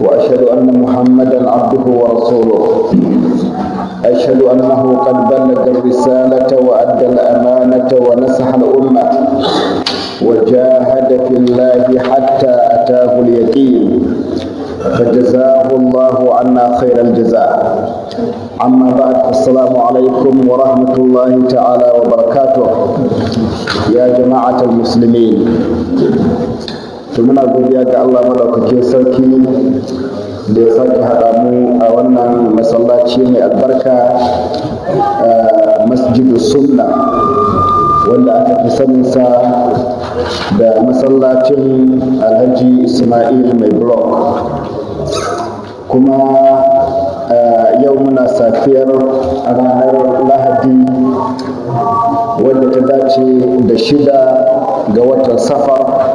وأشهد أن محمدا عبده ورسوله أشهد أنه قد بلغ الرسالة وأدى الأمانة ونصح الأمة وجاهد في الله حتى أتاه اليقين فجزاه الله عنا خير الجزاء أما بعد السلام عليكم ورحمة الله تعالى وبركاته يا جماعة المسلمين su muna godiya ga Allah madaukakin sarki da ya sake haɗa mu a wannan masallaci mai albarka masjidu sunna wanda aka fi saninsa da masallacin alhaji ismail mai blok kuma yau muna safiyar ranar lahadi wadda ta dace da shida ga watan safar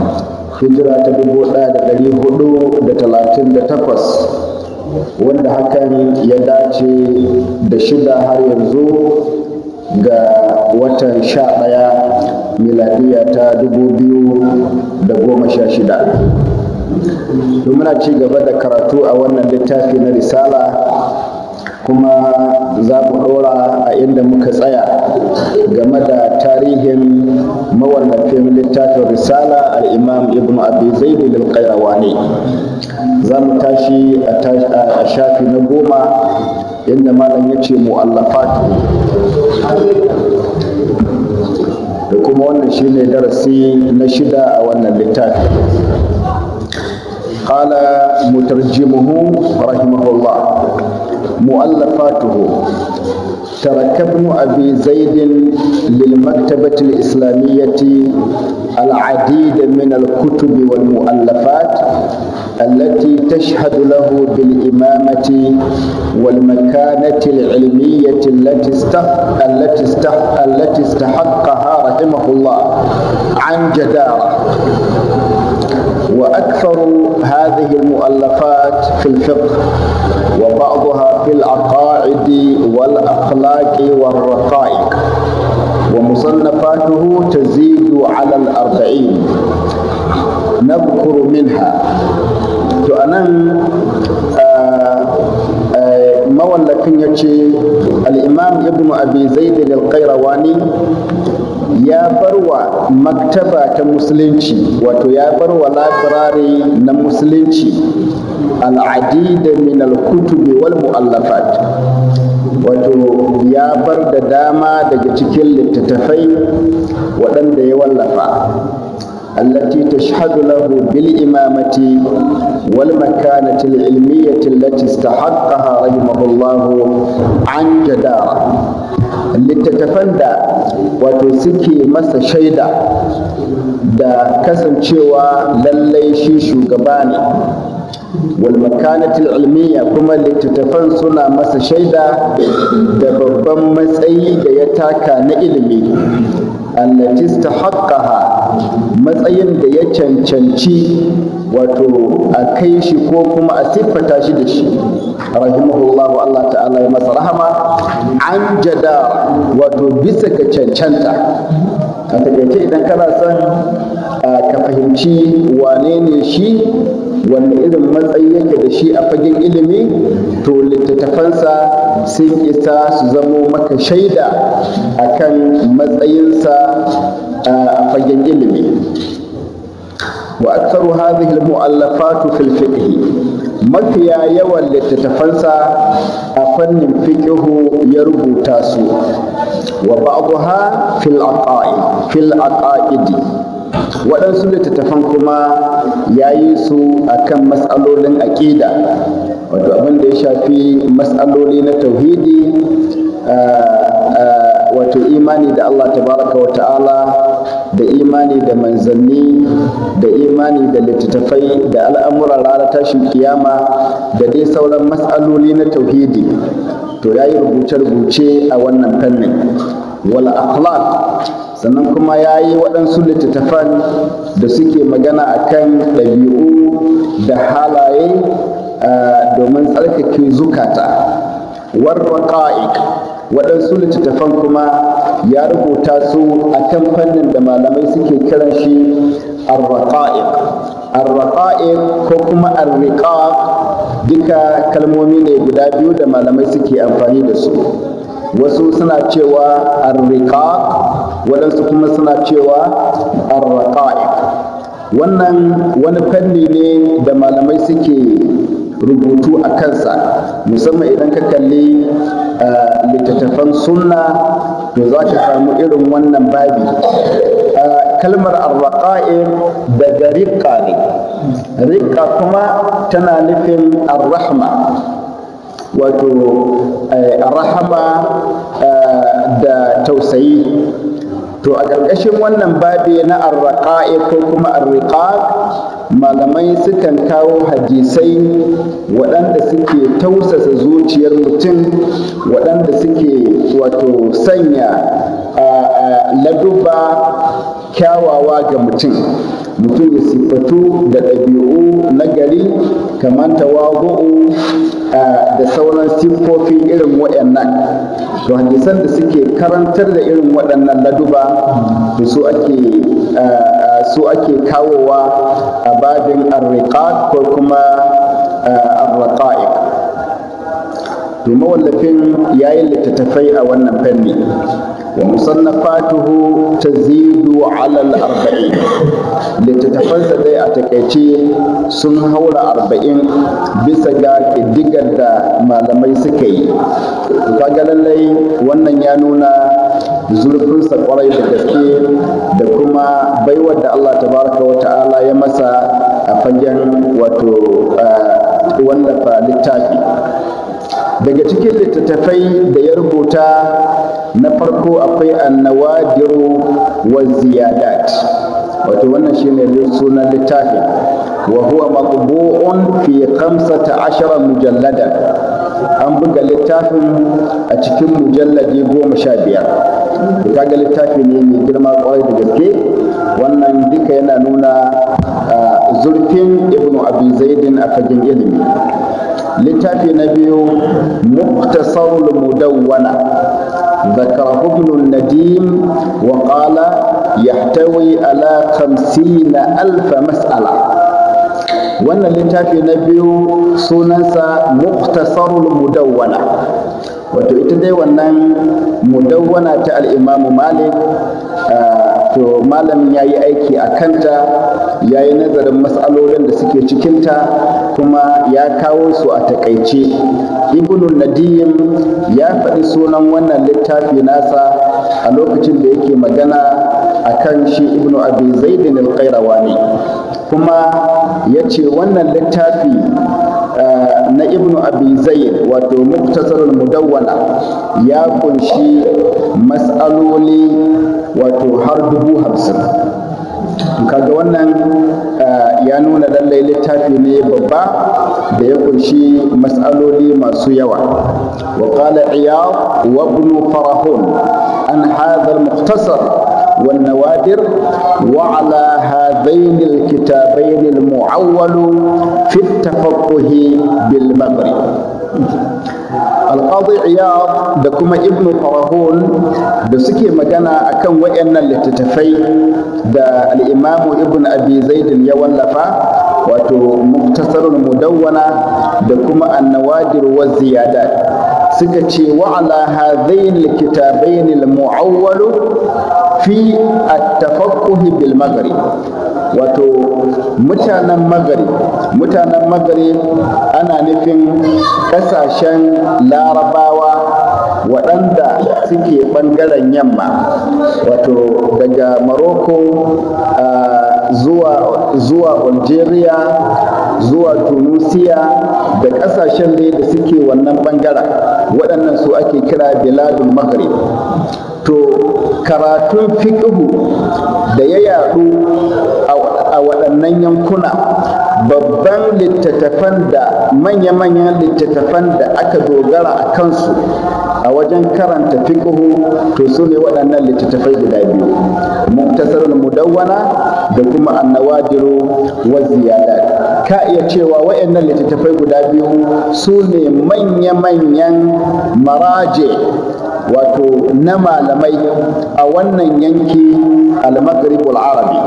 hijira ta dubu ɗaya da ɗari hudu da talatin da takwas wanda hakan ya dace da shida har yanzu ga watan sha ɗaya miladiya ta dubu biyu da goma sha shida muna ci gaba da karatu a wannan littafi na risala kuma za mu ɗora a inda muka tsaya game da tarihin mawallafin littafin risala al'imam ibn abi zaidi lil ne za mu tashi a shafi na goma inda malam ya ce mu'allafatu da kuma wannan shine darasi na shida a wannan littafi قال مترجمه رحمه الله مؤلفاته ترك ابن أبي زيد للمكتبة الإسلامية العديد من الكتب والمؤلفات التي تشهد له بالإمامة والمكانة العلمية التي استحق التي استحق التي استحقها رحمه الله عن جدارة وأكثر هذه المؤلفات في الفقه وبعضها في العقائد والأخلاق والرقائق ومصنفاته تزيد على الأربعين نذكر منها فأنا آه، آه، مولى كنيتي الإمام ابن أبي زيد القيرواني ya barwa maktaba ta musulunci wato ya barwa labirare na musulunci al'adida min al-kutubi wal mu'allafat wato ya bar da dama daga cikin littattafai waɗanda ya wallafa التي تشهد له بالإمامة والمكانة العلمية التي استحقها رحمه الله عن جدارة littattafan da wato suke masa shaida da kasancewa lallai shi shugaba ne walmakanatul ilmiya kuma littattafan suna masa shaida da babban matsayi da ya taka na ilimi annatista haƙƙaha matsayin da ya cancanci wato a kai shi ko kuma a siffata shi da shi rahimahullahu Allah ta'ala ya masa rahama an jada wato bisa ka cancanta a takaice idan kana son ka fahimci wane ne shi wanne irin matsayi yake da shi a fagen ilimi to littattafansa sun isa su zamo maka shaida akan matsayinsa a fagen ilimi wa aksaru hadhihi almu'allafatu fil fiqh mafiya yawan littattafansa a fannin fiqhu ya rubuta su wa ba'daha fil aqaid waɗansu littattafan kuma ya yi su akan matsalolin aƙida wato abin da ya shafi matsaloli na tauhidi ah, wato imani da Allah tabaraka wa ta'ala da imani da manzanni da imani da littattafai da al'amuran ranar tashin kiyama da dai sauran matsaloli na tauhidi to ya yi rubuce-rubuce a wannan fannin wal akhlaq sannan kuma ya yi waɗansu littattafan da suke magana a kan ɗabi'u da halaye eh, domin tsarkake zukata war raqa'iq waɗansu littattafan kuma ya rubuta su a kan fannin da malamai suke kiran shi arraƙa'iq arraƙa'iq ko kuma arriƙaq duka kalmomi ne guda biyu da malamai suke amfani da su wasu suna cewa arriƙaq waɗansu kuma suna cewa arraƙa'iq wannan wani fanni ne da malamai suke rubutu a kansa musamman idan ka kalli eh, littattafan sunna to za ka samu irin wannan babi eh, kalmar arraƙa'ir daga riƙa ne riƙa kuma tana nufin arrahma wato eh, rahama da tausayi to a ƙarƙashin wannan babi na arraƙa'i ko kuma arriƙaƙ malamai sukan kawo hadisai waɗanda suke tausasa zuciyar mutum waɗanda suke wato sanya laduba kyawawa ga mutum mutum ya siffatu da ɗabi'u nagari, gari kamar tawagu'u Eh, da sauran siffofi irin waɗannan to hadisan da suke karantar da irin waɗannan laduba da su ake eh, su ake kawowa a babin arriqat ko kuma eh, arraqa'iq to mawallafin yayin littattafai a wannan fanni ومصنفاته تزيد على الأربعين littattafansa dai a takaice sun haura arba'in bisa ga ƙiddigar da malamai suka yi kaga lallai wannan ya nuna zurfinsa kwarai da gaske da kuma baiwar da allah tabaraka wa ya masa a fagen wato eh, wallafa littafi daga cikin littattafai da ya rubuta na farko akwai annawadiru wa ziyadat wato wannan shi ne sunan littafin wa huwa maqbu'un fi 15 mujallada. an buga littafin a cikin mujalladi goma sha biyar kaga littafi ne mai girma kwarai da gaske wannan duka yana nuna ah, zurfin ibnu abi zaidin a fagen ilimi littafi na biyu muktasarul mudawwana ذكره ابن النديم وقال يحتوي على خمسين ألف مسألة wannan littafi na biyu sunansa muktasarul mudawwana wato ita dai wannan mudawwana ta al'imamu malik ah, to malamin ya yi aiki a kanta ya yi nazarin matsalolin da suke cikinta kuma ya kawo su a takaice ibn nadiyin ya faɗi sunan wannan littafi nasa a lokacin da yake magana a kan shi ibn abi zaidin al ne, kuma ya ce wannan littafi eh, na Ibn abi zaid wato muktasarul mudawwana ya kunshi matsaloli wato har dubu hamsin kaga wannan ya nuna lallai littafi ne babba da ya kunshi mas'aloli masu yawa wa qala iyad wa ibn farahun an hadha al-mukhtasar والنوادر وعلى هذين الكتابين المعول في التفقه بالمغرب alƙadu iyad da kuma ibn qarahun da suke magana akan wayannan littattafai da al-imamu ibn abi zaid ya wallafa wato muktasarul mudawwana da kuma annawadir wa ziyadat suka ce wa ala hadhain alkitabain almu'awwal fi at-tafaqquh bil maghrib wato mutanen magari mutanen magari ana nufin ƙasashen larabawa waɗanda suke ɓangaren yamma wato daga morocco ah, zuwa algeria zuwa tunisia da ƙasashen da suke wannan ɓangaren waɗannan su ake kira biladun magari to karatun fiƙihu da ya yaɗu waɗannan yankuna babban littattafan da manya-manyan littattafan da aka dogara a kansu a wajen karanta fiqhu to su ne waɗannan littattafai guda biyu muktasarul mudawwana da kuma annawadiru wa ziyada ka iya cewa waɗannan littattafai guda biyu su ne manya-manyan maraje wato na malamai a wannan yanki al-maghrib al-arabi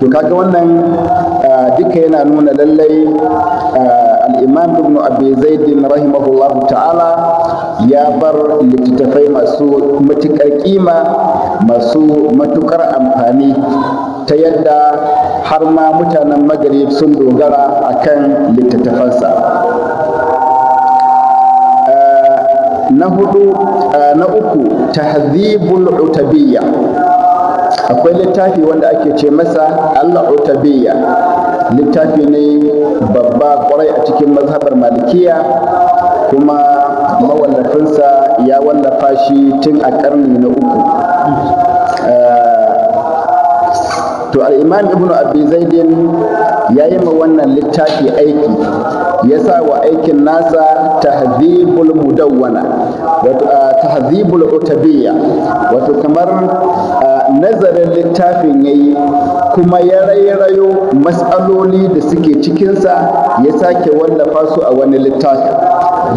to kaga wannan ah, duka yana nuna lallai ah, al'imam ibn abi zaidin rahimahullahu ta'ala ya bar littattafai masu matukar kima masu matukar amfani ta yadda har ma mutanen Magari sun dogara a kan littattafansa ah, na hudu na uku ta utabiyya akwai littafi wanda ake ce masa Allah utabiyya littafi ne babba kwarai a cikin mazhabar malikiya kuma mawallafinsa ya wallafa shi tun a karni na uku eh, to al'imam ibnu abi zaidin ya yi ma wannan littafi aiki ya sa wa aikin nasa tahzibul mudawwana wato eh, tahzibul utabiyya wato kamar eh, nazarin littafin ya yi kuma ya rairayo matsaloli da suke cikinsa ya sake wallafa su a wani littafi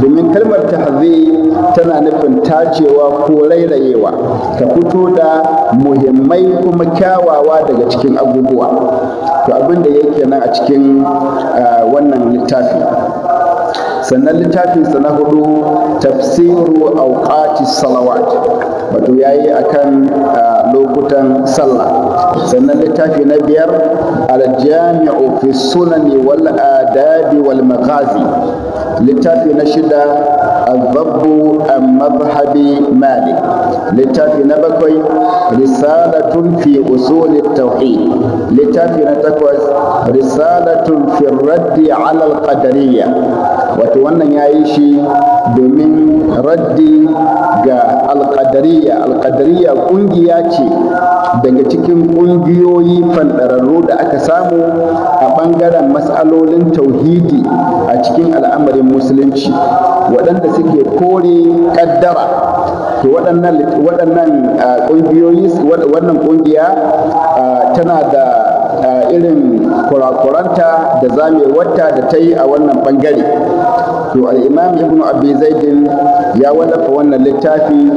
domin kalmar tahzi tana nufin tacewa ko rairayewa ta fito da muhimmai kuma kyawawa daga cikin abubuwa to abin da yake nan a cikin wannan littafi sannan littafinsa na hudu tafsiru auqati salawat wato yayi akan lokutan sallah sannan littafi ابن بير الجامع في السنن والآداب والمقاذي لتابي نشدة الضب عن مذهب مالك littafi na bakwai risalatun fi usuli tauhid littafi na takwas risalatun fi raddi ala alqadariyya wato wannan yayi shi domin raddi ga alqadariyya alqadariyya ƙungiya ce daga cikin ƙungiyoyi fanɗararru da aka samu a bangaren matsalolin tauhidi a cikin al'amarin musulunci waɗanda suke kore kaddara to waɗannan waɗannan ah, ƙungiyoyi wannan ƙungiya ah, tana da ah, irin kurakuranta da wata da ta yi a wannan ɓangare to al'imam ibn abi zaidin ya wallafa wannan littafi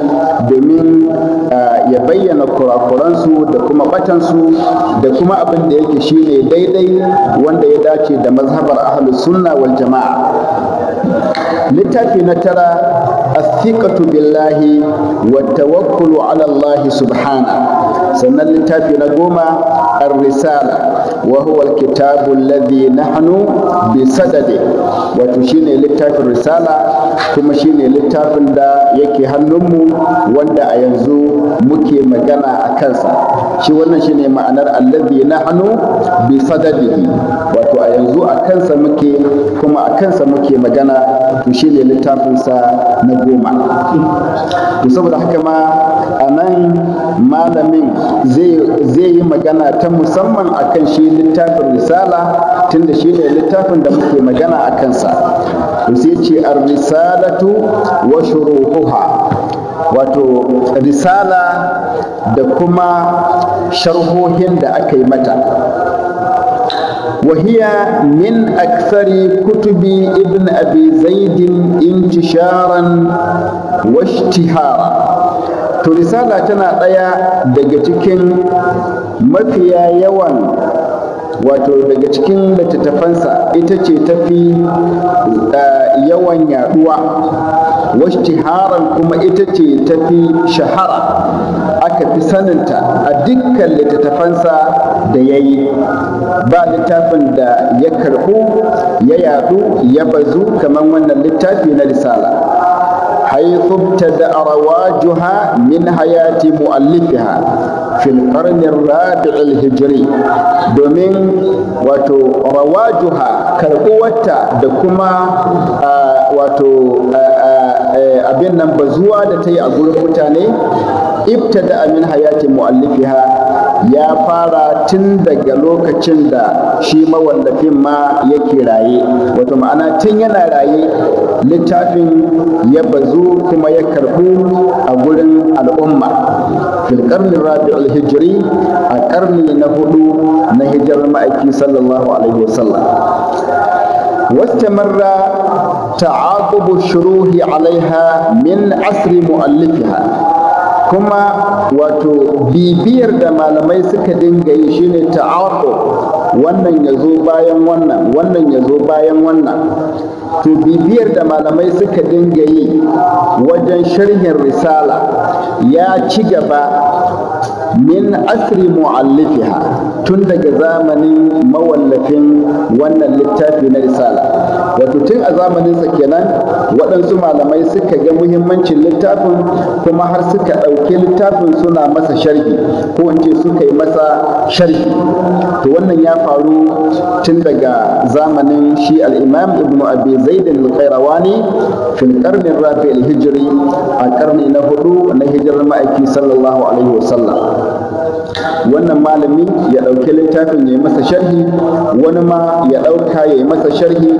domin ya bayyana kurakuransu da kuma batansu da kuma abin da yake shine daidai wanda ya dace da mazhabar ahlus sunna wal jama'a littafi na tara fikatu billahi wa tawakkulu ala Allah subhana sannan littafi na goma a risala wa huwa al-kitabu alladhi nahnu bi sadadi wato shine littafin risala kuma shine littafin da yake hannunmu wanda a yanzu muke magana a kansa shi wannan shine ma'anar allazi hannu bi sadadihi wato a yanzu a kansa muke kuma a kansa muke magana to shi ne littafinsa na goma to saboda haka ma a nan malamin zai yi magana ta musamman a kan shi littafin risala tunda ne littafin da muke magana a kansa to sai ce ar-risalatu wa shuruhuha wato risala da kuma sharhohin da aka yi mata wahiya min aksari kutubi ibn abizaidin intisharan washtiha to risala tana tsaya daga cikin mafiya yawan wato daga cikin littattafansa ita ce tafi yawan yaduwa washtiharan kuma ita ce tafi shahara aka fi saninta a dukkan littattafansa da ya yi ba littafin da ya karɓu ya yadu ya bazu kamar wannan littafi na risala da arawa rawajuha min hayati mu'allifiha fil qarni rabi' hijri domin wato rawajuha karɓuwata da kuma wato abin nan bazuwa da ta yi a gurin mutane da amin hayati mu'allifiha ya fara tun daga lokacin da shi mawallafin ma yake raye wato ma'ana tun yana raye littafin ya bazu kuma ya karbu a gurin al'umma fil karni rabi'ul hijri a karni na hudu na hijirar ma'aiki sallallahu alaihi wasallam واستمر تعاقب الشروح عليها من عصر مؤلفها kuma wato bibiyar da malamai suka dinga yi shine ta'aqu wannan ya zo bayan wannan wannan ya zo bayan wannan to bibiyar da malamai suka dinga yi wajen sharhin risala ya ci gaba min asri mu'allifiha tun daga zamanin mawallafin wannan littafi na risala wato tun a zamaninsa kenan waɗansu malamai suka ga muhimmancin littafin kuma har suka ɗauki littafin suna masa sharhi ko in ce suka yi masa sharhi to wannan ya faru tun daga zamanin shi al'imam ibnu abi zaidin al-qayrawani fil qarnin rafi al-hijri a karni na hudu na hijirar ma'aiki sallallahu alaihi sallam. Oh. wannan malami ya ɗauki littafin ya yi masa sharhi wani ma ya ɗauka ya yi masa sharhi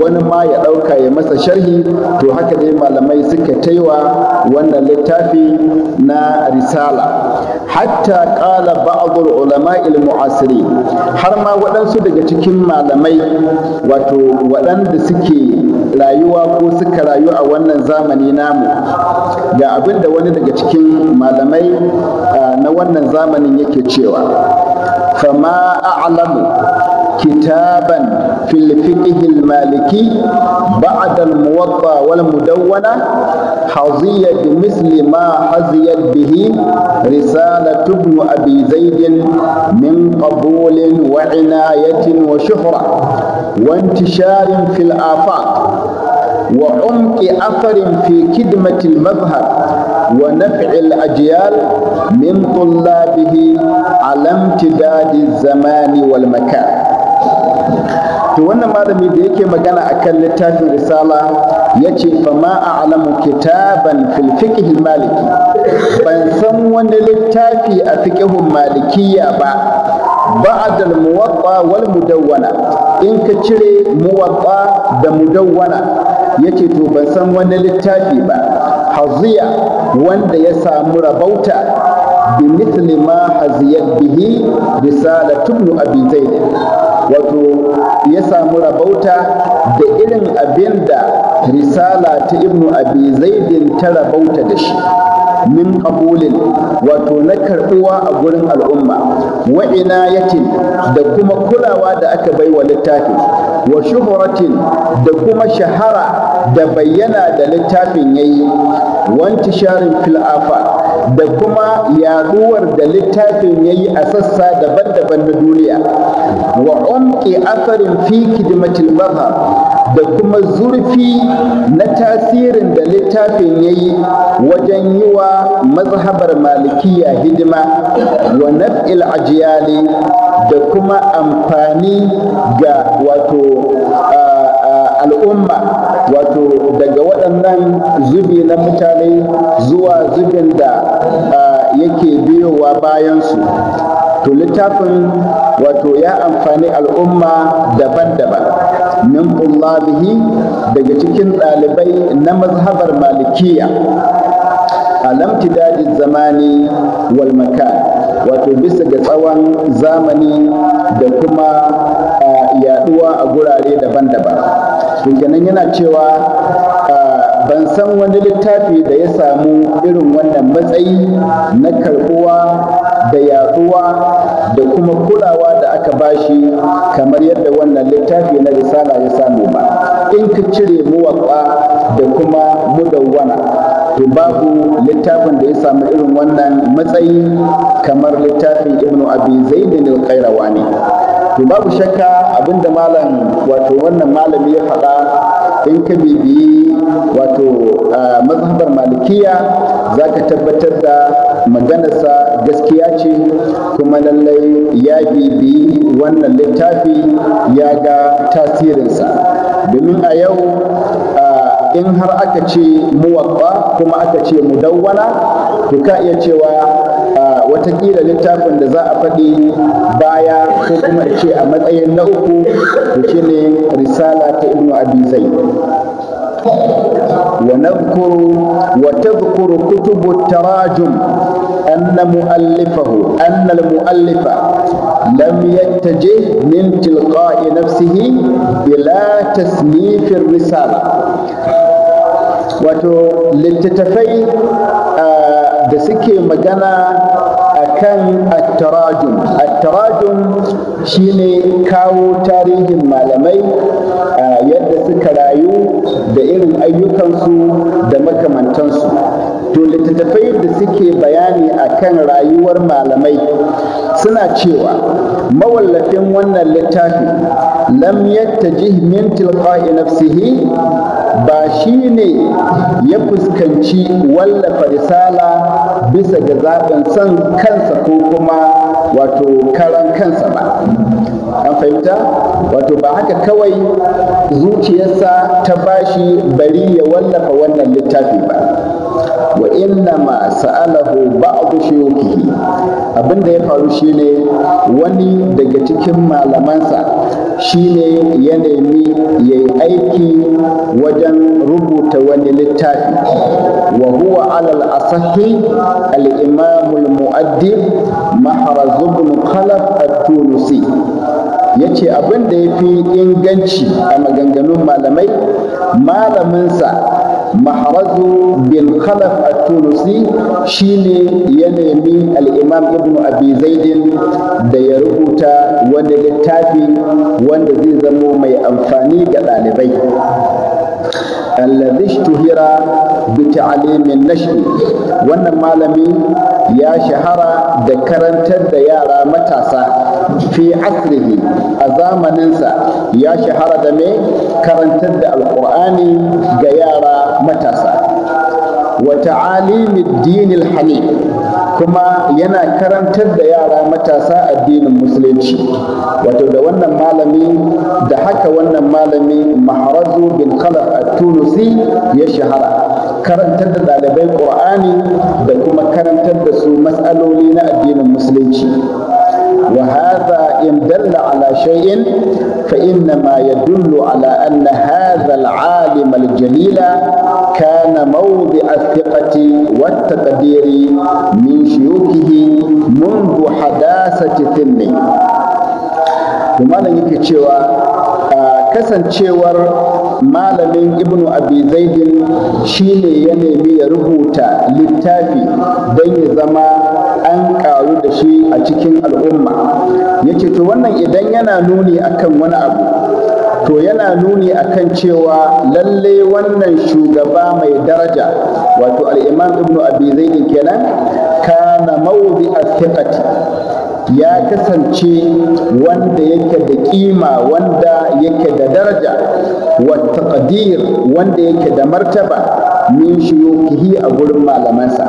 wani ma ya ɗauka ya yi masa sharhi to haka dai malamai suka taiwa wannan littafi na risala hatta ƙala ba'adul ulama asiri, har ma waɗansu daga cikin malamai wato waɗanda suke rayuwa ko suka rayu a wannan zamani namu ga abin da wani daga cikin malamai ah, na wannan zamanin yake cewa fama a'lamu kitaban fil fiqh al maliki ba'da al muwatta wal mudawwana haziya bi misli ma haziyat bihi risalat ibn abi zaid min qabul wa inayatin wa shuhra wa intishar fil afaq وعمق أثر في كدمة المذهب ونفع الأجيال من طلابه على امتداد الزمان والمكان to wannan malami da yake magana akan littafin risala ya ce fama a a'lamu kitaban fil maliki ban san wani littafi a fiƙihun malikiya ba ba'da al-muwatta wal mudawwana in ka cire muwatta da mudawwana yace to ban san wani littafi ba haziya wanda ya samu rabauta bi mithli ma haziyat bihi risalatu ibn abi zaid wato ya samu rabauta da irin abin da risala ta ibn abi zaidin ta rabauta da shi min qabulin wato na karɓuwa a gurin al'umma wa inayatin da kuma kulawa da aka bai wa littafin wa shuhuratin da kuma shahara da bayyana da littafin yayi wanti sharin fil da kuma yaduwar da littafin ya yi a sassa daban-daban na duniya wa umki asarin fi kidmatil mazhar da kuma zurfi na tasirin da littafin ya yi wajen yi wa mazhabar malikiya hidima wa naf'il ajiyali da kuma amfani ga wato al'umma wato daga waɗannan zubi na mutane zuwa zubin da yake biyowa bayansu to littafin wato ya amfani al'umma daban-daban min bihi daga cikin ɗalibai na mazhabar malikiya dajin zamani wal makan wato bisa ga tsawon zamani da kuma yaɗuwa a gurare daban-daban to kenan yana cewa ah, ban san wani littafi da ya samu irin wannan matsayi na karbuwa da yaduwa da kuma kulawa da aka bashi kamar yadda wannan littafi na risala ya samu ba in ka cire muwaƙa da kuma mudawwana to babu littafin da ya samu irin wannan matsayi kamar littafin ibnu abi zaidin al ne. to babu shakka abinda malam wato wannan malami ya faɗa in ka bibiyi wato mazhabar malikiya za ka tabbatar da maganarsa gaskiya ce kuma lallai ya bibiyi wannan littafi ya ga tasirinsa domin a yau in har aka ce muwabba kuma aka ce mudawwana to ka iya cewa watakila littafin da za a faɗi baya ko kuma ce a matsayin na uku shi ne risala ta ibnu abizai ونذكر وتذكر كتب التراجم أن مؤلفه أن المؤلف لم يتجه من تلقاء نفسه بلا تصنيف الرسالة وتو للتتفي آه da suke magana a akan attarajum attarajum shine kawo tarihin malamai ah, yadda suka rayu da irin ayyukansu da makamantansu to littattafai da suke bayani a kan rayuwar malamai suna cewa mawallafin wannan littafi lam yattajih min tilqa'i nafsihi ba shi ne ya fuskanci wallafa risala bisa ga zaɓin son kansa ko kuma wato karan kansa ba an fahimta wato ba haka kawai zuciyarsa ta bashi bari ya wallafa wannan littafi ba wa inna ma sa'alahu ba'du shuyukihi abinda ya faru shine wani daga cikin malamansa shine ya nemi yayi aiki wajen rubuta wani littafi wa huwa alal asahi al-imam al-mu'addib mahraz ibn khalaf at-tunisi ya ce abin da ya fi inganci a maganganun malamai malaminsa maharaju bin khalaf at-tunisi shine ya nemi al-imam ibnu abi zaidin da ya rubuta wani littafi wanda zai zamo mai amfani ga ɗalibai الذي اشتهر بتعليم النشر وان المعلم يا شهر ذكرت الديار متاسا في عصره أزام ننسى يا شهر دمي كرنت القرآن ديار متاسا وتعاليم الدين الحنيف kuma yana karantar da yara matasa addinin musulunci wato da wannan malami da haka wannan malami maharazu bin khalaf a tunusi ya shahara karantar da ɗalibai ƙur'ani da kuma karantar da su matsaloli na addinin musulunci وهذا إن دل على شيء فإنما يدل على أن هذا العالم الجليل كان موضع الثقة والتقدير من شيوخه منذ حداثة ثمه وما يكي kasancewar malamin ibnu abi zaidin shine ya nemi ya rubuta littafi don ya zama an faru da shi a cikin al'umma yace to wannan idan yana nuni akan wani abu to yana nuni akan cewa lalle wannan shugaba mai daraja wato al'imam ibnu abi zaidin kenan kana mawdi al-thiqati ya kasance wanda yake da kima wanda yake da daraja wa taqdir wanda yake da martaba min kihi a gurin malamansa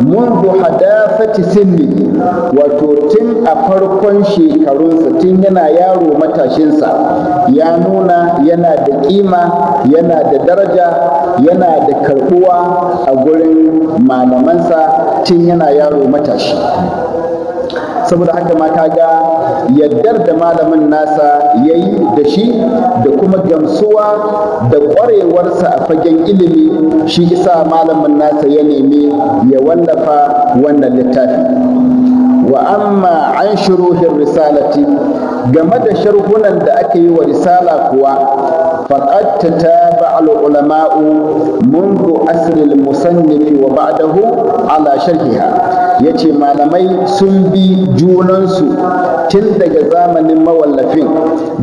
mundu hadafati sinni wato tun a farkon shekarunsa tun yana yaro matashinsa ya nuna yana da kima yana da daraja yana da karbuwa a gurin malamansa tun yana yaro matashi saboda haka ma ka ga yaddar da malamin nasa ya yi da shi da kuma gamsuwa da ƙwarewarsa a fagen ilimi shi isa malamin nasa ya nemi ya wallafa wannan littafi wa amma an shuruhin risalati game da sharhunan da aka yi wa risala kuwa فقد تتابع العلماء منذ أسر المصنف وبعده على شرحها ya ce malamai sun bi junansu tun daga zamanin mawallafin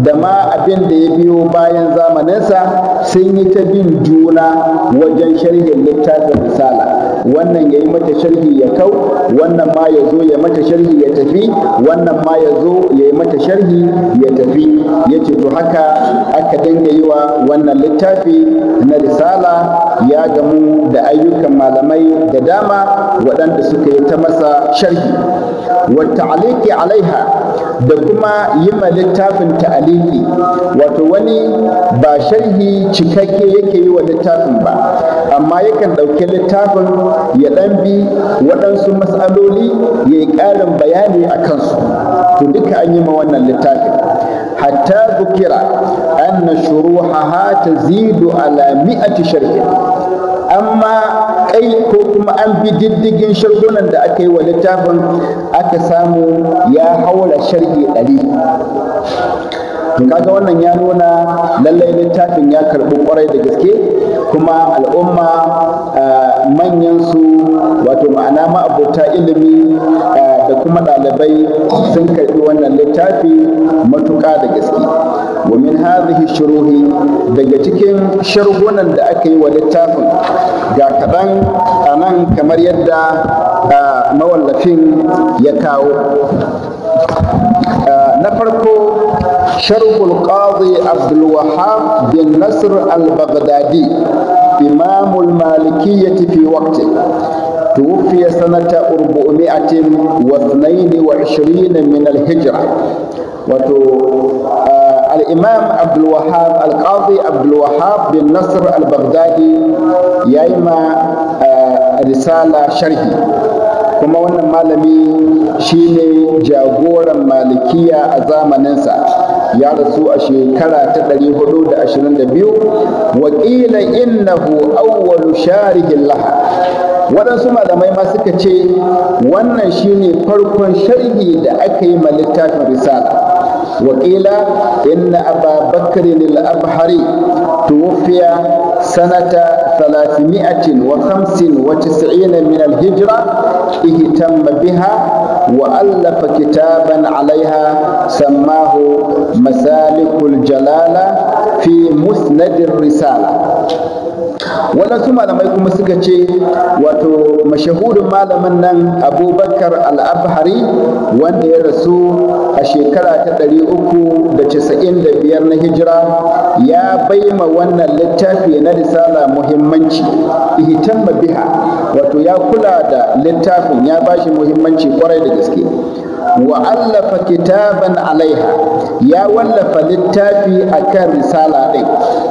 da ma abin da ya biyo bayan zamaninsa sun yi ta bin juna wajen sharhin littafin risala wannan ya yi mata sharhi ya kau wannan ma ya zo ya mata sharhi ya tafi wannan ma ya zo ya yi mata sharhi ya tafi ya ce to haka aka dinga yi wa wannan littafi na risala ya gamu da ayyukan malamai da dama waɗanda suka yi ta masa sharhi wa ta'liqi alaiha da kuma yi ma littafin ta'liqi wato wani ba sharhi cikakke yake yi wa littafin ba amma yakan ɗauki littafin ya ɗan bi waɗansu matsaloli ya yi ƙarin bayani a kansu to duka an yi ma wannan littafin hatta zukira anna shuruhaha zidu ala mi'ati sharhin amma kai ko kuma an bi diddigin shargunan da aka yi wa littafin aka samu ya haura shirgi ɗari kaga wannan ya nuna lallai littafin ya karɓi kwarai da gaske kuma al'umma manyan su wato ma'ana ma'abota ilimi da kuma ɗalibai sun karɓi wannan littafi matuƙa da gaske wa min hadhihi shuruhi daga cikin sharhunan da aka yi wa littafin ga kaɗan a nan kamar yadda mawallafin ya kawo na farko شرف القاضي عبد الوهاب بن نصر البغدادي إمام المالكية في وقته توفي سنة 422 من الهجرة وتو آه، الإمام عبد الوهاب القاضي عبد الوهاب بن نصر البغدادي يايما آه، رسالة شرحي كما wannan malami شيني جاغور المالكية a ننسى ya rasu a shekara ta 422 wa qila innahu awwalu sharihil laha waɗansu malamai ma suka ce wannan shine farkon sharhi da aka yi ma littafin risala وقيل إن أبا بكر الأبحري توفي سنة ثلاثمائة وخمس وتسعين من الهجرة ihtamma biha وألف كتابا عليها سماه مسالك الجلالة في مسند الرسالة waɗansu malamai kuma suka ce wato mashahurin malamin nan abubakar al'abhari wanda ya rasu a shekara ta ɗari uku da casa'in da biyar na hijira ya baima wannan littafi na risala muhimmanci ihitan biha wato ya kula da littafin ya bashi muhimmanci kwarai da gaske Wa'allafa kitaban alaiha ya wallafa littafi a kan risala ɗin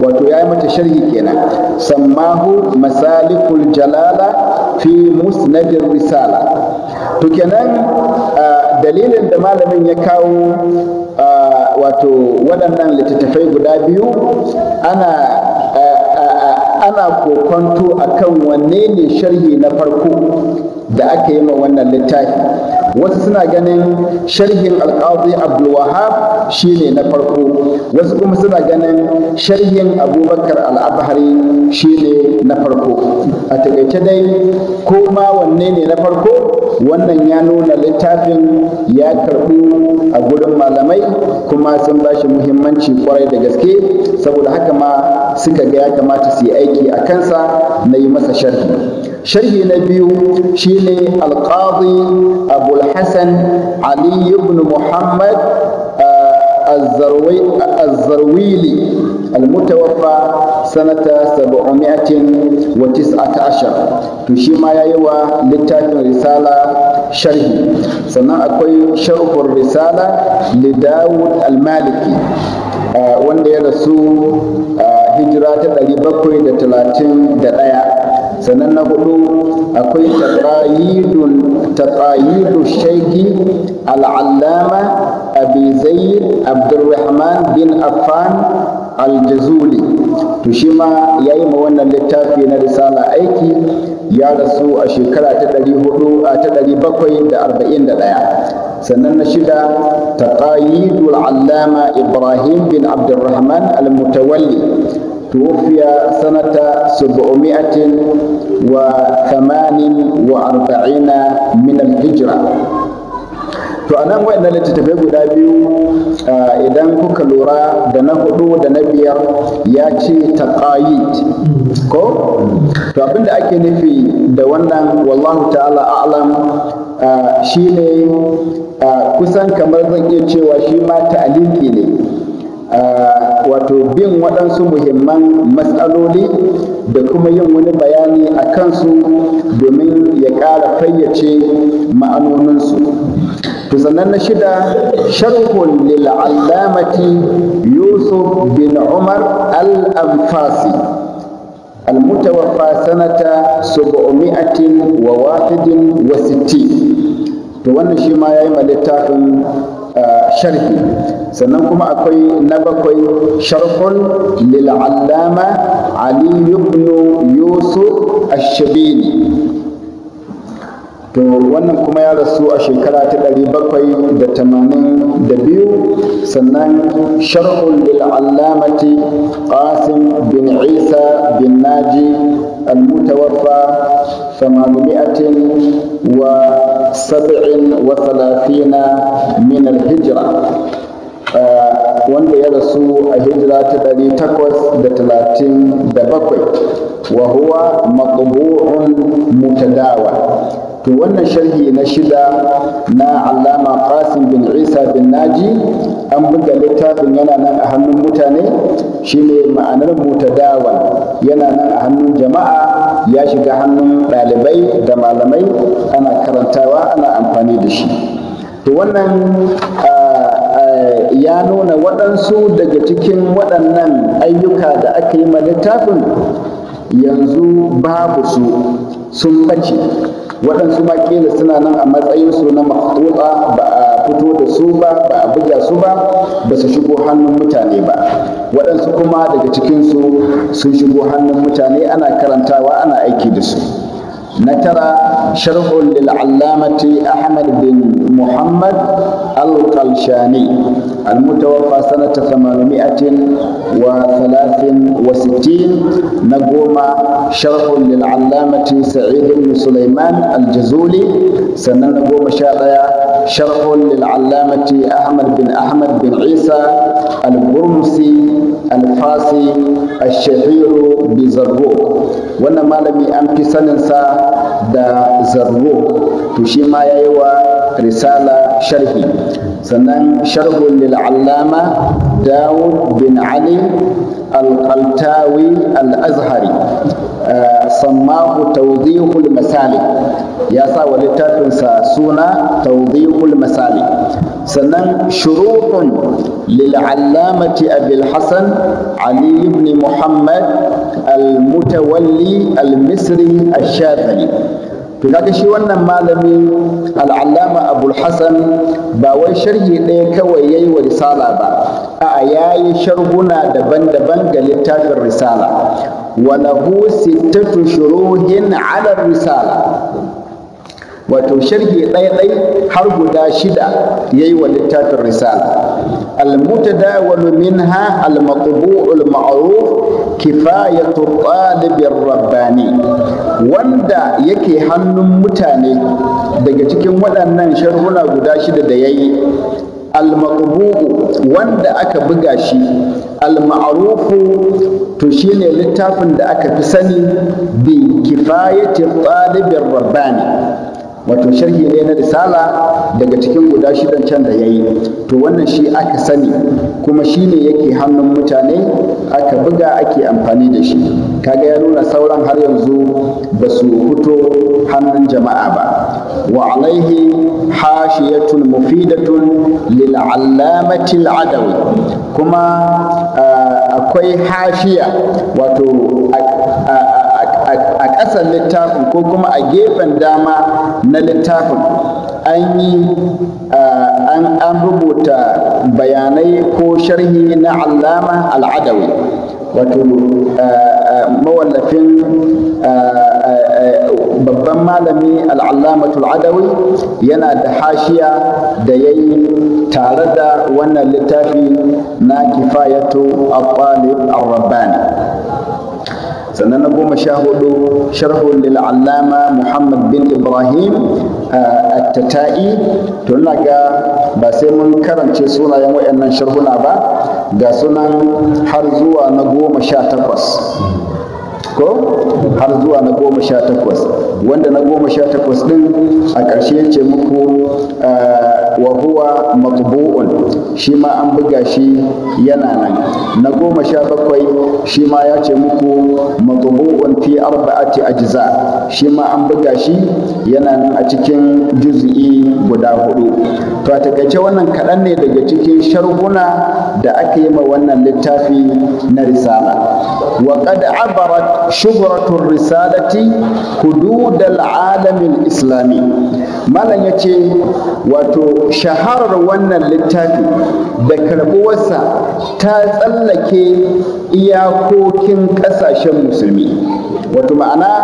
wato ya yi mata sharhi kenan sammahu masalikul jalala fi musnadin risala to kenan dalilin da malamin ya kawo wato waɗannan littattafai guda biyu ana ana kokonto akan wanne ne sharhi na farko da aka yi ma wannan littafi wasu suna ganin sharhin alƙazi abdulwahab shi ne na farko wasu kuma suna ganin sharhin abubakar al'abhari shi ne na farko a takaice dai ko ma wanne ne na farko wannan ya nuna littafin ya karɓu a gurin malamai kuma sun ba shi muhimmanci kwarai da gaske saboda haka ma suka ga ya kamata su yi aiki a kansa na yi masa sharhi sharhi na biyu shine alqadi abul hassan ali ibn muhammad الزرويلي المتوفى سنة سبعمائة وتسعة عشر تشيما wa littafin risala. sharhi sannan akwai sharhur risala li Dawud al-Maliki eh, wanda ya rasu eh, hijira ta 731 sannan na hudu akwai taqayidun taqayidu shaykhi al-allama abi zayd abdurrahman bin affan al-jazuli to shi ma yayi ma wannan littafi na risala aiki ya rasu a shekara ta ɗari hudu a ta ɗari bakwai da arba'in da ɗaya sannan na shida taqayidul allama ibrahim bin abdurrahman al-mutawalli توفي سنة سبعمائة وثمان وأربعين من الهجرة to a nan waɗannan littattafai guda biyu idan kuka lura da na hudu da na biyar ya ce taqayid ko to abinda ake nufi da wannan wallahu ta'ala a'lam ne kusan kamar zan iya cewa shi ma ta'aliki ne wato bin waɗansu muhimman matsaloli da kuma yin wani bayani a kansu domin ya ƙara fayyace ma'anoninsu to sannan na shida sharhun lil allamati yusuf bin umar al anfasi المتوفى سنة سبعمائة وواحد وستين to wannan shi ma yayi yi littafin uh, sharhi sannan kuma akwai na bakwai sharhul lil'allama ali ibn yusuf ash to wannan kuma ya rasu a shekara ta ɗari bakwai da tamanin da biyu sannan sharhul lil allamati qasim bin isa bin naji المتوفى ثمانمائة وسبع وثلاثين من الهجرة wanda ya rasu a hijira ta ɗari takwas da talatin da bakwai wa huwa maqbu'un mutadawa to wannan sharhi na shida na allama qasim bin isa bin naji an buga littafin yana nan a hannun mutane shine ma'anar dawa, yana nan a hannun jama'a ya shiga hannun ɗalibai da malamai ana karantawa ana amfani da shi to wannan ya nuna waɗansu daga cikin waɗannan ayyuka da aka yi ma littafin yanzu babu su sun ɓace waɗansu ma kila suna nan a matsayinsu na makhruta ba a fito da su ba ba a buga su ba ba su shigo hannun mutane ba waɗansu kuma daga cikinsu sun shigo hannun mutane ana karantawa ana aiki da su نترى شرح للعلامة أحمد بن محمد القلشاني المتوفى سنة 863 نقوم شرح للعلامة سعيد بن سليمان الجزولي سنة نقوم شرح للعلامة أحمد بن أحمد بن عيسى البرمسي alfasi ashahiru bi zarro wannan malami an fi saninsa da zarro to shi ma ya yi wa risala sharhi sannan sharhul lil allama Dawud bin Ali al-Qaltawi al-Azhari sammahu tawdihul masali ya sa wa littafinsa suna tawdihul masali sannan shurutun lil allamati abil hasan ali ibn muhammad al-mutawalli al-misri al-shadhali to kaga shi wannan malami al'allama abul hasan ba wai sharhi ɗaya kawai ya yi wa risala ba a ya yi sharhuna daban-daban ga littafin risala walahu sittatu shuruhin ala risala wato sharhi ɗai-ɗai har guda shida ya yi wa littafin risala al-mutadawwalu minha al maqbuul maruf kifayatu ɗalibin rabbani wanda yake hannun mutane daga cikin waɗannan sharhuna guda shida da ya yi almaqbu'u wanda aka buga shi alma'rufu to shine littafin da aka fi sani bi kifayati ɗalibin rabbani wato sharhi ne na risala daga cikin guda shidan can da ya yi to wannan shi aka sani kuma shi ne yake hannun mutane aka buga ake amfani da shi kaga ya nuna sauran har yanzu ba su fito hannun jama'a ba wa alaihi hashiyatun mufidatun lil allamati adawi kuma ah, akwai hashiya wato ƙasan littafin ko kuma a gefen dama na littafin an yi an rubuta bayanai ko sharhi na allama al'adawi wato mawallafin babban malami al'alama adawi yana da hashiya da ya yi tare da wannan littafi na kifayatu a talib sannan na goma sha hudu sharhun lil allama muhammad bin ibrahim at-tata'i to ina ga ba sai mun karance sunayen waɗannan sharhuna ba ga sunan har zuwa na goma sha takwas ko har zuwa na goma sha takwas wanda na goma sha takwas ɗin a ƙarshe ya ce muku ah, wa huwa matbu'un shi ma an buga shi yana nan na goma sha bakwai shi ma ya ce muku matbu'un fi arba'ati ajza shi ma an buga shi yana nan a cikin juz'i guda hudu to a takaice wannan kaɗan ne daga cikin sharhuna da aka yi ma wannan littafi na risala وقد عبرت شهرة الرسالة حدود العالم الإسلامي malam ya ce wato shaharar wannan littafi da karɓuwarsa ta tsallake iyakokin ƙasashen musulmi wato ma'ana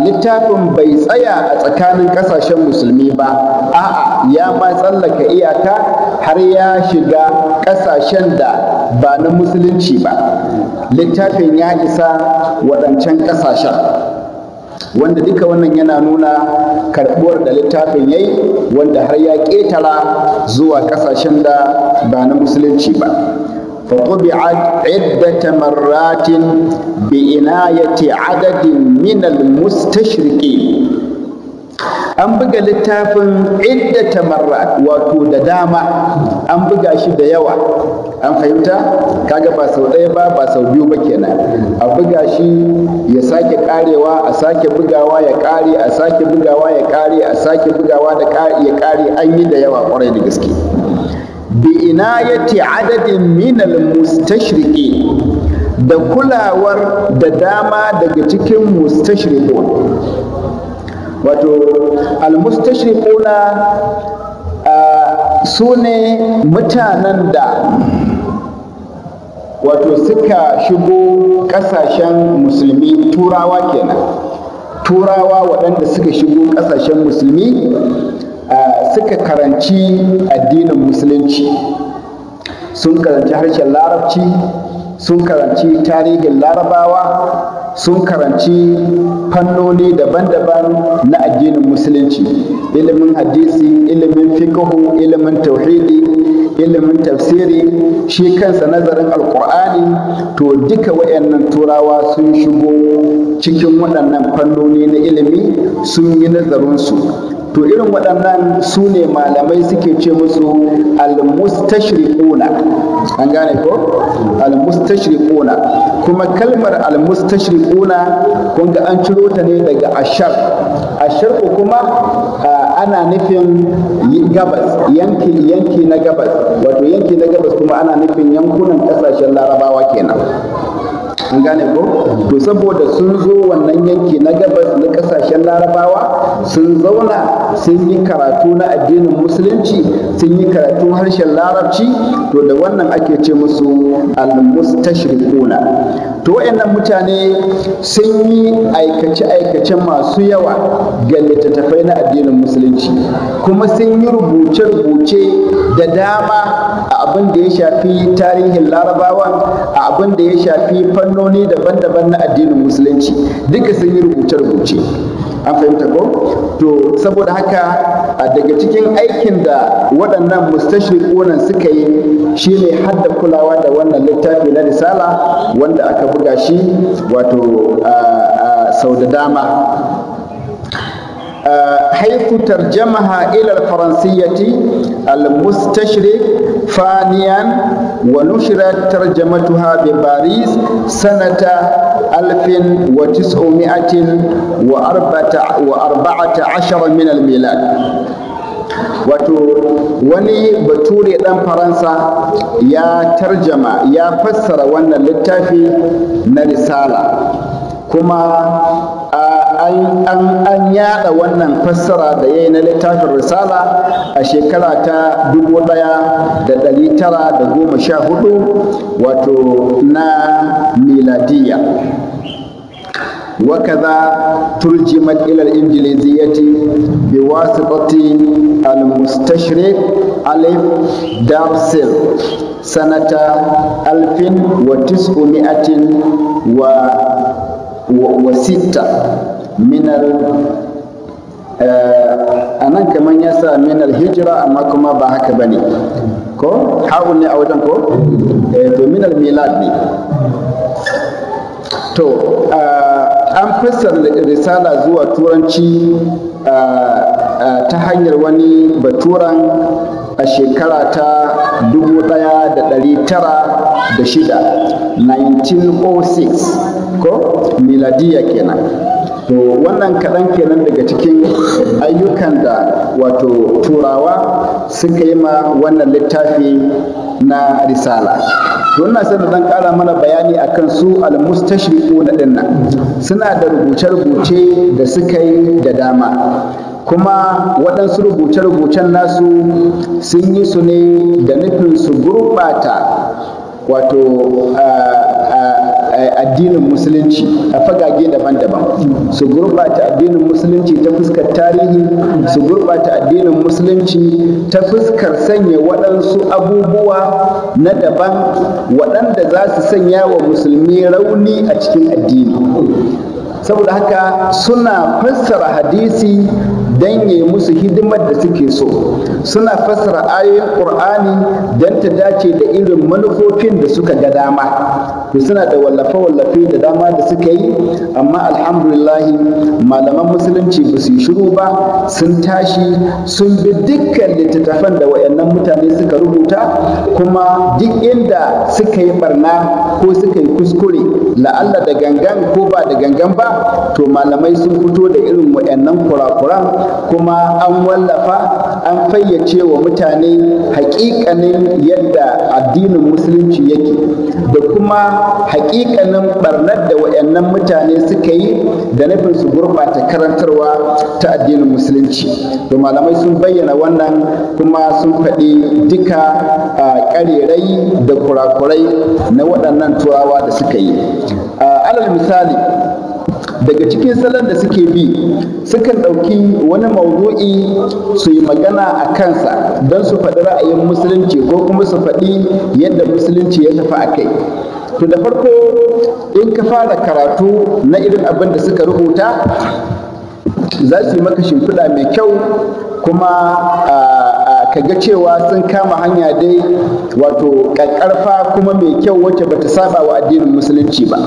littafin bai tsaya a tsakanin ƙasashen musulmi ba a'a ya ma tsallaka iyaka har ya shiga ƙasashen da ba na musulunci ba littafin ya isa waɗancan ƙasashen wanda duka wannan yana nuna karɓuwar da littafin ya yi wanda har ya ƙetara zuwa ƙasashen da ba na musulunci ba bi عدة مرات ce عدد من المستشرقين an buga littafin inda marrat wato da dama an buga shi da yawa an fahimta kaga ba sau ɗaya ba ba sau biyu ba kenan a buga shi ya sake karewa a sake bugawa ya kare a sake bugawa ya kare a sake bugawa da ya kare an yi da yawa kwarai da gaske bi yati adadin minal mustashriqi da kulawar da dama daga cikin mustashriqun wato kuna su ne mutanen da wato suka shigo ƙasashen musulmi turawa kenan turawa waɗanda suka shigo ƙasashen musulmi suka karanci addinin musulunci sun karanci harshen larabci sun karanci tarihin larabawa sun karanci fannoni daban-daban na addinin musulunci ilimin hadisi ilimin fiqhu ilimin tauhidi ilimin tafsiri shi kansa nazarin alkur'ani to duka wayannan turawa sun shigo cikin waɗannan fannoni na ilimi sun yi nazarinsu to irin waɗannan su ne malamai suke ce musu almustashriquna an gane ko almustashriquna kuma kalmar almustashriquna kun ga an ciro ta ne daga ashar ashar kuma ana nufin gabas yanki yanki na gabas wato yanki na gabas kuma ana nufin yankunan ƙasashen larabawa kenan an gane ko to saboda sun zo wannan yanki na gabas na kasashen larabawa sun zauna sun yi karatu na addinin musulunci sun yi karatu harshen larabci to da wannan ake ce musu almustashrikuna to wayannan mutane sun yi aikace-aikace masu yawa ga littattafai na addinin musulunci kuma sun yi rubuce-rubuce da dama a abin da ya shafi tarihin larabawan a abin da ya shafi fannin fannoni daban-daban na addinin musulunci duka sun yi rubuce-rubuce an fahimta ko to saboda haka daga cikin aikin da waɗannan mustashrikunan suka yi shine hadda kulawa da wannan littafi na risala wanda aka buga shi wato sau da dama حيث ترجمها إلى الفرنسية المستشرق فانيا ونشرت ترجمتها بباريس سنة 1914 من الميلاد wato wani bature ɗan faransa ya tarjama ya fassara wannan littafi na risala kuma a an yada wannan fassara da yayi na littafin risala a shekara ta dubɗaya da ɗaritara da goma sha hudu wato na miladiya wakaza turjimailar ingilizi yace biwasiatin almustashre ali dasel sanata alfin atiiati wasita minar eh, a nan kamar ya sa minar hijira amma kuma ba haka ba ne ko haɗun ne a wajen ko eh, to minar milad ne to eh, an fassar risala zuwa turanci ta hanyar wani baturan a shekara ta 1906 1906 ko miladiya kenan to wannan kaɗan kenan daga cikin ayyukan da wato turawa suka yi ma wannan littafi na risala to ina da zan ƙara mana bayani akan su ɗin nan, suna da rubuce-rubuce da suka yi da dama kuma waɗansu rubuce-rubucen nasu sun yi su ne da nufin su gurɓata wato ah, addinin musulunci a fagage daban-daban su gurɓata addinin musulunci ta fuskar tarihi su gurɓata addinin musulunci ta fuskar sanya waɗansu abubuwa na daban waɗanda za su sanya wa musulmi rauni a cikin addini saboda haka suna fassara hadisi don musu hidimar da suke so suna fassara ayoyin ƙur'ani don ta dace da irin manufofin da suka ga dama to suna da wallafe-wallafe da dama da suka yi amma alhamdulillah malaman musulunci ba su yi shiru ba sun tashi sun bi dukkan littattafan da wayannan mutane suka rubuta kuma duk inda suka yi barna ko suka yi kuskure la'alla da gangan ko ba da gangan ba to malamai sun fito da irin wayannan kurakuran kuma an wallafa an fayyace wa mutane haƙiƙanin yadda addinin musulunci yake da kuma haƙiƙanin barnar da waɗannan mutane suka yi da nufin su gurɓata karantarwa ta addinin musulunci to malamai sun bayyana wannan kuma sun faɗi duka ƙarerai da kurakurai na waɗannan turawa da suka yi alal misali daga cikin salon da suke bi sukan ɗauki wani maudu'i su yi magana a kansa don su faɗi ra'ayin musulunci ko kuma su faɗi yadda musulunci ya tafi a kai to da farko in ka fara karatu na irin abin da suka rubuta za su yi maka shimfiɗa mai kyau kuma ka ga cewa sun kama hanya dai wato ƙarƙarfa kuma mai kyau wacce bata saba wa addinin musulunci ba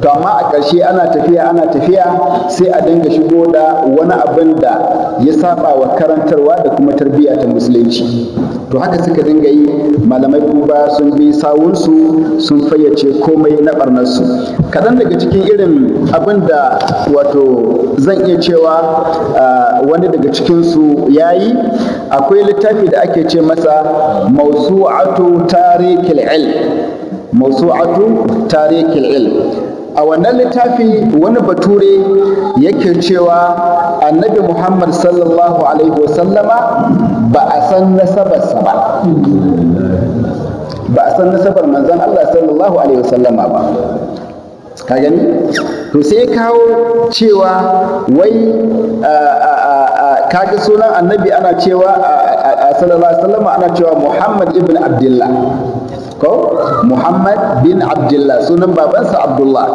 to amma a ƙarshe ana tafiya ana tafiya sai a dinga shigo da wani abin da ya saba wa karantarwa da kuma tarbiyya ta musulunci to haka suka dinga yi malamai kuma sun bi sawunsu sun fayyace komai na barnarsu kaɗan daga cikin irin abin da wato zan iya cewa wani daga cikinsu ya yi akwai littafi da ake ce masa mausu'atu tarikil ilm mawsu'atu tarikil ilm a wannan littafi wani bature yake cewa annabi muhammad sallallahu alaihi wasallama ba a san nasabarsa ba ba a san nasabar manzan allah sallallahu alaihi wasallama ba ka gani to sai kawo cewa wai kaga sunan annabi ana cewa a sallallahu alaihi wasallama ana cewa muhammad ibn abdullah ko muhammad bin abdullah sunan babansa abdullah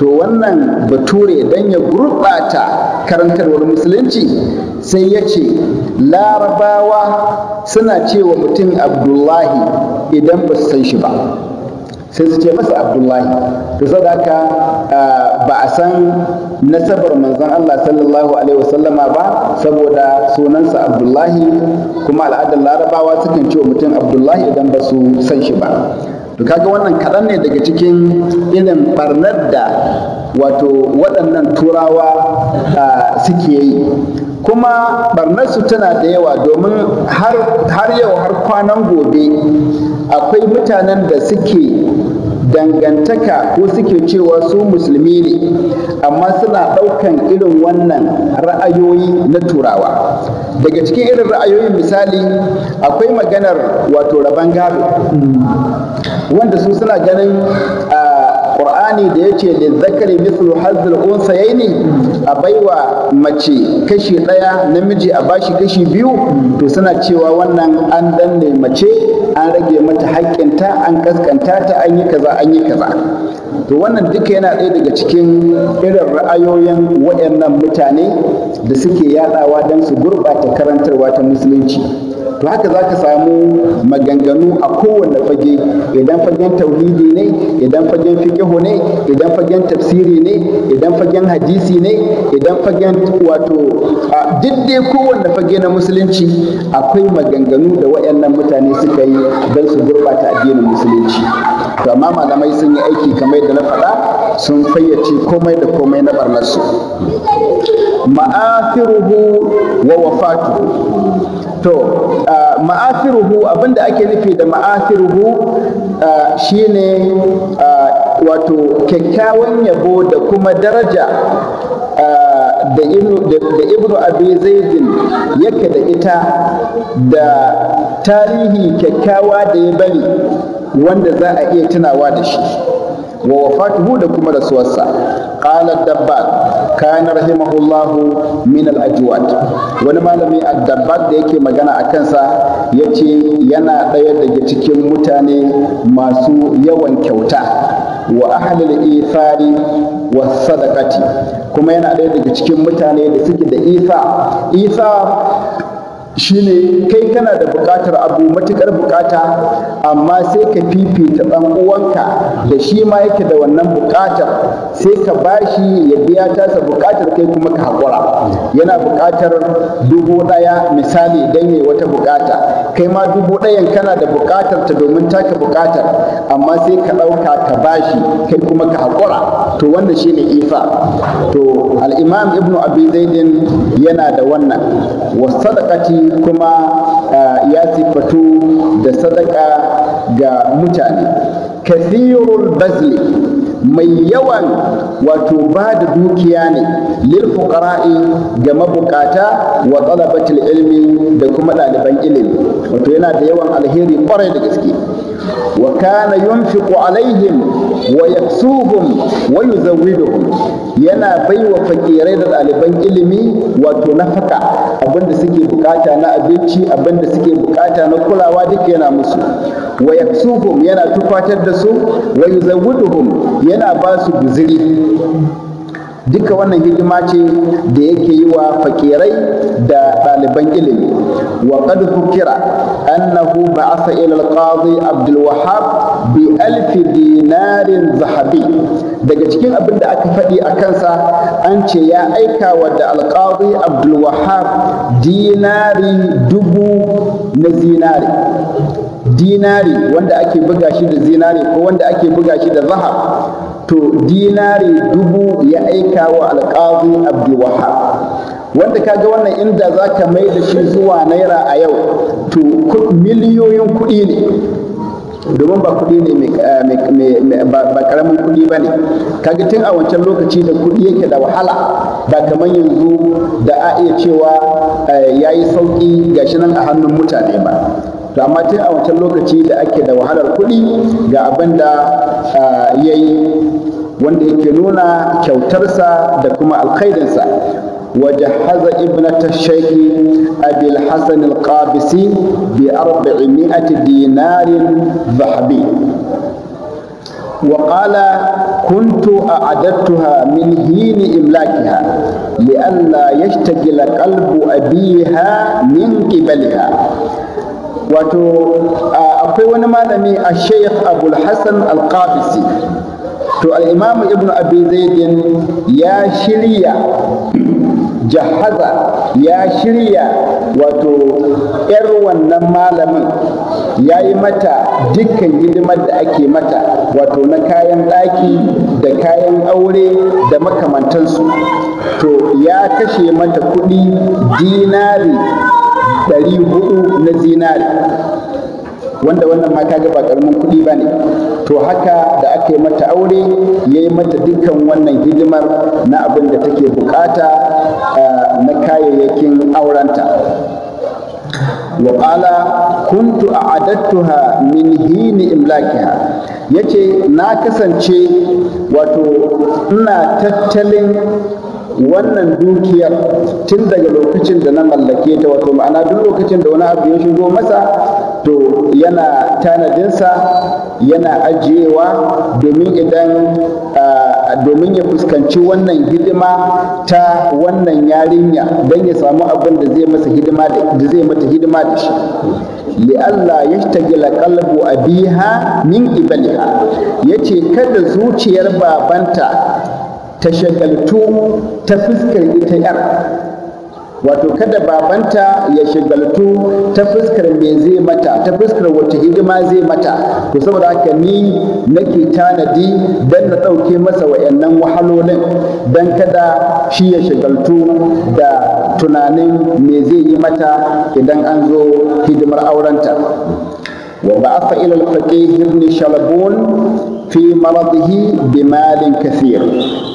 to wannan bature dan ya gurɓata karantarwar musulunci sai ya ce larabawa suna cewa mutum abdullahi idan ba su san shi ba sai su ce masa abdullahi to saboda ba a san nasabar manzon Allah sallallahu alaihi wasallama ba saboda sunansa abdullahi kuma al'adar larabawa sukan ce mutum abdullahi idan ba su san shi ba to kaga wannan kaɗan ne daga cikin irin barnar da wato waɗannan turawa suke yi kuma barnarsu tana da yawa domin har yau har kwanan gobe akwai mutanen da suke dangantaka ko suke cewa su musulmi ne amma suna ɗaukan irin wannan ra'ayoyi na turawa daga cikin irin ra'ayoyi misali akwai maganar wato rabon wanda su suna ganin a ah, alkur'ani da ya ce zakari mislu hazzul unsayaini a baiwa mace kashi ɗaya namiji a bashi kashi biyu to suna cewa wannan an danne mace an rage mata haƙƙinta an kaskanta ta an yi kaza an yi kaza to wannan duka yana ɗaya daga cikin irin ra'ayoyin waɗannan mutane da suke yaɗawa don su gurɓata karantarwa ta musulunci to haka za ka samu maganganu a kowane fage idan fagen tauhidi ne idan fagen fikihu ne idan fagen tafsiri ne idan fagen hadisi ne idan fagen wato diddai kowane fage na musulunci akwai maganganu da waɗannan mutane suka yi don su gurɓata addinin musulunci to amma malamai sun yi aiki kamar yadda na faɗa sun fayyace komai da komai na barnarsu ma'afiruhu wa wafatu to ma'afiruhu abinda ake nufi da ma'afiruhu shine wato kyakkyawan yabo da kuma daraja da ibnu abi zaidin yake da ita da tarihi kyakkyawa da ya bari wanda za a iya tunawa da shi wa wafatuhu da kuma rasuwarsa qala dabba kana rahimahullahu min al ajwad wani malami ad dabba da yake magana a kansa ya ce yana ɗaya daga cikin mutane masu yawan kyauta wa ahlul ifari wa sadaqati kuma yana ɗaya daga cikin mutane da suke da isa isa shine kai kana da bukatar abu matukar buƙata amma sai ka fifita ɗan uwanka da shi ma yake da wannan bukatar sai ka bashi ya biya tasa bukatar kai kuma ka haƙura yana bukatar dubu ɗaya misali don ya wata bukata kai ma dubu ɗayan kana da bukatar ta domin taka bukatar amma sai ka ɗauka ka bashi kai kuma ka haƙura to wannan shine ifa to al-imam ibnu abi zaidin yana da wannan Wasu sadakati kuma eh, ya sifatu da sadaka ga mutane kathirul bazli mai yawan wato ba da dukiya ne lil ga mabukata wa talabatul ilmi da kuma ɗaliban ilimi wato yana da yawan alheri kwarai da gaske wa kana yunfiqu alaihim wa yaksuhum wa yuzawwiduhum yana baiwa fakirai da ɗaliban ilimi wato nafaka abinda suke bukata na abinci abinda suke bukata na kulawa duk yana musu wa yaksuhum yana tufatar da su wa yuzawwiduhum yana ba su guziri duka wannan hidima ce da yake yi wa fakirai da ɗaliban ilimi wa qad kira annahu ba'atha ila al-qadi Abdul Wahhab bi alf dinarin zahabi daga cikin abin da aka faɗi a kansa an ce ya aika wa da alƙadi Abdulwahab dinari dubu na zinari dinari wanda ake buga shi da zinari ko wanda ake buga shi da zahab to dinari dubu ya aika wa alƙazi abdulwahab wanda kaga wannan inda za ka mai da shi zuwa naira a yau to miliyoyin kuɗi ne domin ba kuɗi ne eh, ba ƙaramin kuɗi ba ne kaga tun a wancan lokaci da kuɗi yake da wahala ba kamar yanzu da a iya cewa eh, ya yi sauƙi gashi nan a hannun mutane ba to amma tun a wancan lokaci da ake da wahalar kuɗi ga abin da eh, ya yi wanda yake nuna kyautarsa da kuma alkhairinsa وجهز ابنة الشيخ أبي الحسن القابسي بأربعمائة دينار ذهبي وقال كنت أعددتها من هين إملاكها لئلا يشتغل قلب أبيها من قبلها وتو أقول ما الشيخ أبو الحسن القابسي to al'imamu ibnu abi zaidin ya shirya jahaza ya shirya wato 'yar wannan malamin ya yi mata dukkan hidimar da ake mata wato na kayan ɗaki da kayan aure da makamantansu to ya kashe mata kuɗi dinari 400 na zinari wanda wannan mata ga ba karamin kuɗi ba ne to haka da aka yi mata aure ya yi mata dukkan wannan hidimar na abin da take bukata na kayayyakin aurenta وقال كنت أعددتها من حين Ya yace na kasance wato ina tattalin wannan dukiyar tun daga lokacin da na mallake ta wato ma'ana duk lokacin da wani abu ya shigo masa yana tanadinsa yana ajiyewa domin idan domin ya fuskanci wannan hidima ta wannan yarinya don ya samu abin da zai masa hidima da zai mata hidima da shi li'alla yashtagila kalbu abiha min ibaliha yace kada zuciyar babanta ta shagaltu ta fuskar ita yar wato kada babanta ya shigaltu ta fuskar me zai mata ta fuskar wata hidima zai mata to saboda haka ni nake tanadi dan na ɗauke masa wayannan wahalolin dan kada shi ya shigaltu da tunanin me zai yi mata idan an zo hidimar aurenta wa ba'atha ila al-faqih ibn shalabun في مرضه بمال كثير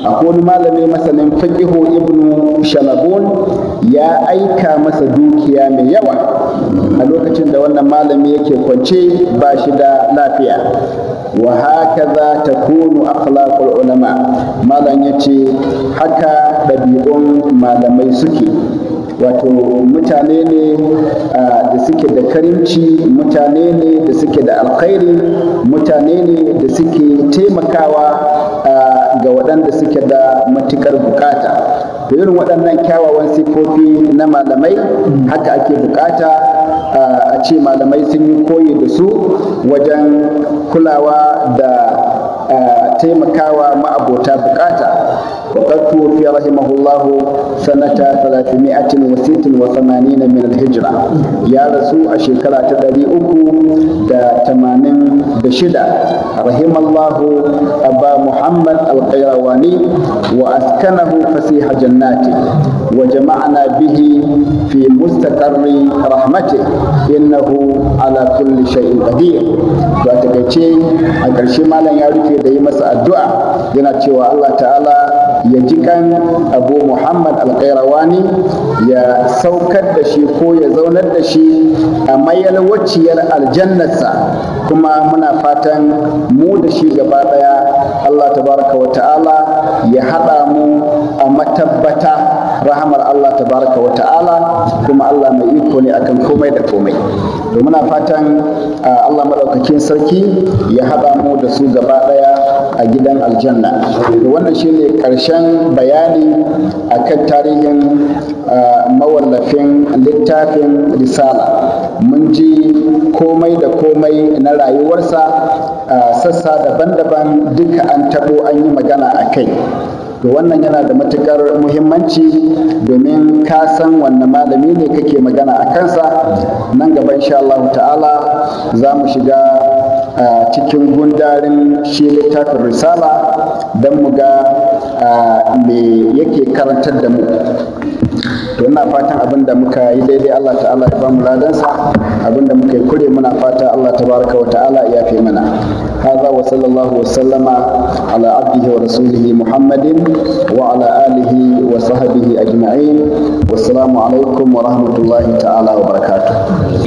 أقول ما لم مثلا فقه ابن شلبون يا أيكا مسدوك يا من يوى الوقت ده وانا ما لم يكي كونشي باشدا فيا وهكذا تكون أخلاق العلماء ما لم يتي حكى بديئون ما لم يسكي wato mutane ne da suke da karimci mutane ne da suke da alkhairi mutane ne da suke taimakawa ga waɗanda suke da matuƙar bukata da irin waɗannan kyawawan sifofi na malamai haka ake bukata a ce malamai sun yi koyi da su wajen kulawa da taimakawa ma'abota bukata وقد توفي رحمه الله سنة 386 من الهجرة يا رسول الشكرة تدري أكو دا تمانين بشدة رحم الله أبا محمد القيرواني وأسكنه فسيح جناته وجمعنا به في مستقر رحمته إنه على كل شيء قدير وأتكتشي أكرشي مالا يعرف يدي مسأل الدعاء ينتشي الله تعالى ya ji kan abu muhammad alkairawani ya saukar da shi ko ya zaunar da shi a mayar wacciyar aljannarsa kuma muna fatan mu da shi gaba daya allah tabaraka wa ta'ala ya haɗa mu a matabbata rahamar allah tabaraka wa ta'ala kuma allah mai iko ne akan komai da komai to muna fatan allah maɗaukakin sarki ya haɗa mu da su gaba daya a gidan aljanna wannan shi ne ƙarshen bayani akan tarihin mawallafin littafin risala mun ji komai da komai na rayuwarsa sassa daban-daban duka an taɓo an yi magana a kai wannan yana da matukar muhimmanci domin ka san wanne malami ne kake magana a kansa nan gaba insha Allah ta'ala za mu shiga a cikin gundarin shi littafin risala don mu ga me yake karantar da mu to ina fatan abin da muka yi daidai Allah ta'ala ya bamu ladansa abin da muka yi kure muna fata Allah tabaraka wa ta'ala ya fi mana hadha wa sallallahu wa sallama ala abdihi wa rasulihi muhammadin wa ala alihi wa sahbihi ajma'in wassalamu alaikum wa rahmatullahi ta'ala wa barakatuh